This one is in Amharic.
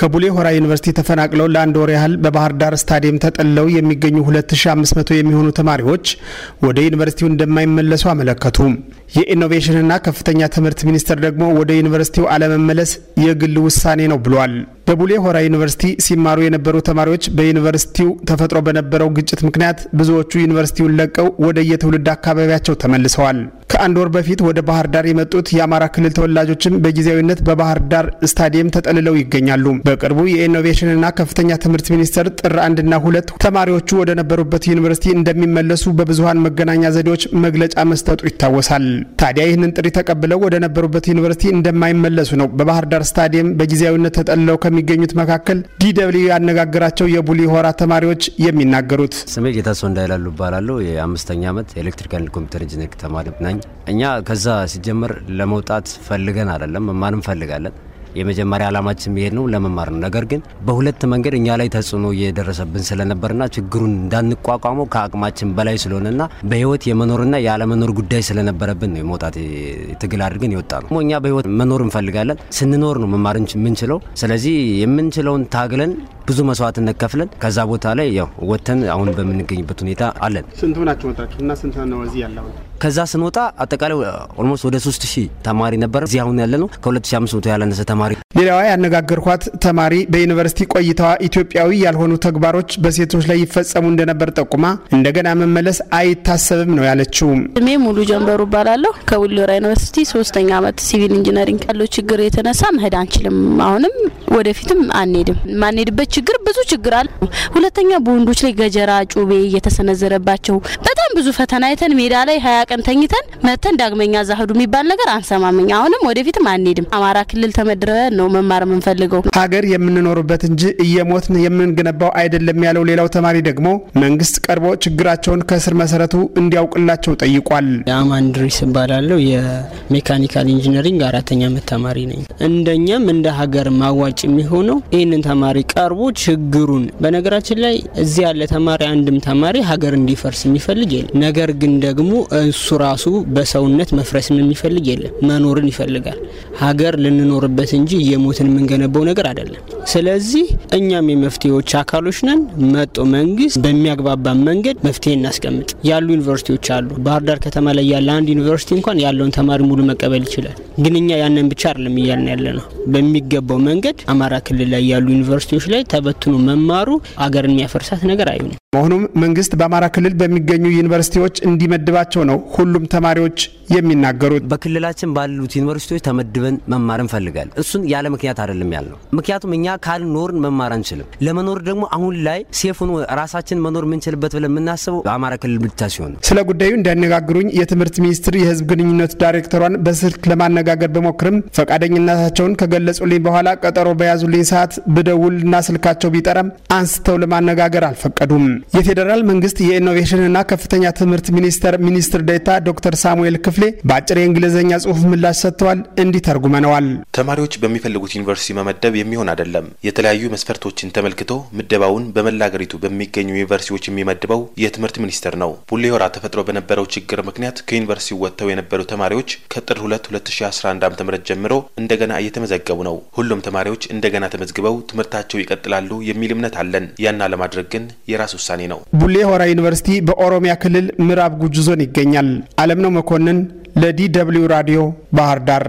ከቡሌ ሆራ ዩኒቨርሲቲ ተፈናቅለው ለአንድ ወር ያህል በባህር ዳር ስታዲየም ተጠለው የሚገኙ 2500 የሚሆኑ ተማሪዎች ወደ ዩኒቨርሲቲው እንደማይመለሱ አመለከቱ። የኢኖቬሽንና ከፍተኛ ትምህርት ሚኒስቴር ደግሞ ወደ ዩኒቨርሲቲው አለመመለስ የግል ውሳኔ ነው ብሏል። በቡሌ ሆራ ዩኒቨርሲቲ ሲማሩ የነበሩ ተማሪዎች በዩኒቨርሲቲው ተፈጥሮ በነበረው ግጭት ምክንያት ብዙዎቹ ዩኒቨርሲቲውን ለቀው ወደ የትውልድ አካባቢያቸው ተመልሰዋል። ከአንድ ወር በፊት ወደ ባህር ዳር የመጡት የአማራ ክልል ተወላጆችም በጊዜያዊነት በባህር ዳር ስታዲየም ተጠልለው ይገኛሉ። በቅርቡ የኢኖቬሽንና ከፍተኛ ትምህርት ሚኒስቴር ጥር አንድና ሁለት ተማሪዎቹ ወደ ነበሩበት ዩኒቨርሲቲ እንደሚመለሱ በብዙሀን መገናኛ ዘዴዎች መግለጫ መስጠቱ ይታወሳል። ታዲያ ይህንን ጥሪ ተቀብለው ወደ ነበሩበት ዩኒቨርሲቲ እንደማይመለሱ ነው በባህር ዳር ስታዲየም በጊዜያዊነት ተጠልለው ከሚ ከሚገኙት መካከል ዲደብልዩ ያነጋገራቸው የቡሊ ሆራ ተማሪዎች የሚናገሩት ስሜ ጌታሰው እንዳይላሉ ይባላሉ። የአምስተኛ ዓመት ኤሌክትሪካል ኮምፒውተር ኢንጂነሪንግ ተማሪ ነኝ። እኛ ከዛ ሲጀመር ለመውጣት ፈልገን አይደለም መማርም ፈልጋለን የመጀመሪያ ዓላማችን መሄድ ነው ለመማር ነው። ነገር ግን በሁለት መንገድ እኛ ላይ ተጽዕኖ እየደረሰብን ስለነበርና ችግሩን እንዳንቋቋመው ከአቅማችን በላይ ስለሆነና በህይወት የመኖርና የአለመኖር ጉዳይ ስለነበረብን ነው የመውጣት ትግል አድርገን የወጣ ነው። እኛ በህይወት መኖር እንፈልጋለን። ስንኖር ነው መማር የምንችለው። ስለዚህ የምንችለውን ታግለን ብዙ መስዋዕትነት ከፍለን ከዛ ቦታ ላይ ያው ወተን አሁን በምንገኝበት ሁኔታ አለን። ስንት ናቸው ወጣችሁ እና ስንት ነው እዚህ ያለው? ከዛ ስንወጣ አጠቃላይ ኦልሞስት ወደ 3000 ተማሪ ነበረ። እዚህ አሁን ያለ ነው ከሁለት ሺህ ያላነሰ ተማሪ ሌላዋ ያነጋገርኳት ተማሪ በዩኒቨርሲቲ ቆይታዋ ኢትዮጵያዊ ያልሆኑ ተግባሮች በሴቶች ላይ ይፈጸሙ እንደነበር ጠቁማ እንደገና መመለስ አይታሰብም ነው ያለችው። ስሜ ሙሉ ጀንበሩ እባላለሁ። ከውሎራ ዩኒቨርሲቲ ሶስተኛ ዓመት ሲቪል ኢንጂነሪንግ ያለው ችግር የተነሳ መሄድ አንችልም። አሁንም ወደፊትም አንሄድም። ማንሄድበት ችግር ብዙ ችግር አለ። ሁለተኛ በወንዶች ላይ ገጀራ፣ ጩቤ እየተሰነዘረባቸው በጣም በጣም ብዙ ፈተና አይተን ሜዳ ላይ ሀያ ቀን ተኝተን መተን ዳግመኛ ዛህዱ የሚባል ነገር አንሰማምኝ። አሁንም ወደፊትም አንሄድም። አማራ ክልል ተመድረ ነው መማር የምንፈልገው። ሀገር የምንኖርበት እንጂ እየሞትን የምንገነባው አይደለም ያለው ሌላው ተማሪ ደግሞ መንግስት ቀርቦ ችግራቸውን ከስር መሰረቱ እንዲያውቅላቸው ጠይቋል። አማን እባላለሁ። የሜካኒካል ኢንጂነሪንግ አራተኛ ዓመት ተማሪ ነኝ። እንደኛም እንደ ሀገር ማዋጭ የሚሆነው ይህንን ተማሪ ቀርቦ ችግሩን በነገራችን ላይ እዚህ ያለ ተማሪ አንድም ተማሪ ሀገር እንዲፈርስ የሚፈልግ የለም። ነገር ግን ደግሞ እሱ ራሱ በሰውነት መፍረስን የሚፈልግ የለም፣ መኖርን ይፈልጋል። ሀገር ልንኖርበት እንጂ የሞትን የምንገነባው ነገር አይደለም። ስለዚህ እኛም የመፍትሄዎች አካሎች ነን። መጦ መንግስት በሚያግባባን መንገድ መፍትሄ እናስቀምጥ። ያሉ ዩኒቨርሲቲዎች አሉ። ባህር ዳር ከተማ ላይ ያለ አንድ ዩኒቨርሲቲ እንኳን ያለውን ተማሪ ሙሉ መቀበል ይችላል። ግን እኛ ያንን ብቻ አይደለም እያልን ያለ ነው። በሚገባው መንገድ አማራ ክልል ላይ ያሉ ዩኒቨርሲቲዎች ላይ ተበትኖ መማሩ አገርን የሚያፈርሳት ነገር አይሆንም። መሆኑም መንግስት በአማራ ክልል በሚገኙ ዩኒቨርሲቲዎች እንዲመድባቸው ነው ሁሉም ተማሪዎች የሚናገሩት። በክልላችን ባሉት ዩኒቨርሲቲዎች ተመድበን መማር እንፈልጋለን። እሱን ያለ ምክንያት አይደለም ያልነው። ምክንያቱም እኛ ካልኖርን መማር አንችልም። ለመኖር ደግሞ አሁን ላይ ሴፍ ሆኖ ራሳችን መኖር የምንችልበት ብለን የምናስበው በአማራ ክልል ብቻ ሲሆን፣ ስለ ጉዳዩ እንዲያነጋግሩኝ የትምህርት ሚኒስቴር የህዝብ ግንኙነት ዳይሬክተሯን በስልክ ለማነጋገር በሞክርም ፈቃደኝነታቸውን ከገለጹልኝ በኋላ ቀጠሮ በያዙልኝ ሰዓት ብደውልና ስልካቸው ቢጠራም አንስተው ለማነጋገር አልፈቀዱም። የፌዴራል መንግስት የኢኖቬሽንና ከፍተኛ ትምህርት ሚኒስቴር ሚኒስትር ዴታ ዶክተር ሳሙኤል ክፍሌ በአጭር የእንግሊዝኛ ጽሁፍ ምላሽ ሰጥተዋል። እንዲህ ተርጉመነዋል። ተማሪዎች በሚፈልጉት ዩኒቨርሲቲ መመደብ የሚሆን አይደለም። የተለያዩ መስፈርቶችን ተመልክቶ ምደባውን በመላ አገሪቱ በሚገኙ ዩኒቨርሲቲዎች የሚመድበው የትምህርት ሚኒስቴር ነው። ቡሌ ሆራ ተፈጥሮ በነበረው ችግር ምክንያት ከዩኒቨርሲቲ ወጥተው የነበሩ ተማሪዎች ከጥር 2 2011 ዓ.ም ጀምሮ እንደገና እየተመዘገቡ ነው። ሁሉም ተማሪዎች እንደገና ተመዝግበው ትምህርታቸው ይቀጥላሉ የሚል እምነት አለን። ያና ለማድረግ ግን የራሱ ውሳኔ ነው። ቡሌ ሆራ ዩኒቨርሲቲ በኦሮሚያ ክልል ምዕራብ ጉጅ ዞን ይገኛል። አለምነው መኮንን ለዲ ደብልዩ ራዲዮ ባህር ዳር